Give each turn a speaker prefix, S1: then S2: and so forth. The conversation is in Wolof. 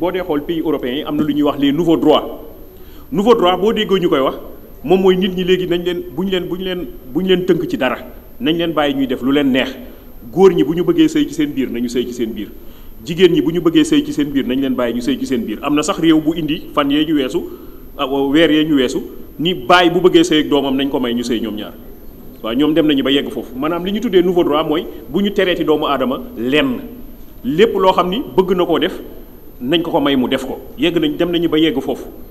S1: boo dee xool pays européens yi am na lu ñuy wax les nouveaux droits nouveau droit boo déggoo ñu koy wax moom mooy nit ñi léegi nañ leen bu ñu leen bu ñu leen bu leen tënk ci dara nañ leen bàyyi ñuy def lu leen neex góor ñi bu ñu bëggee sëy ci seen biir nañu sëy ci seen biir jigéen ñi bu ñu bëggee sëy ci seen biir nañ leen bàyyi ñu sëy ci seen biir am na sax réew bu indi fan yee ñu weesu ah, weer yee ñu weesu ni bàyyi bu bëggee sëy ak doomam nañ ko may ñu sëy ñoom ñaar waaw ñoom dem nañu ba foofu maanaam li ñu tuddee nouveau droit mooy bu ñu tereeti doomu aadama lenn lépp loo xam ni bëgg na koo def nañ ko ko may mu def ko yegg nañ dem nañu ba yegg foofu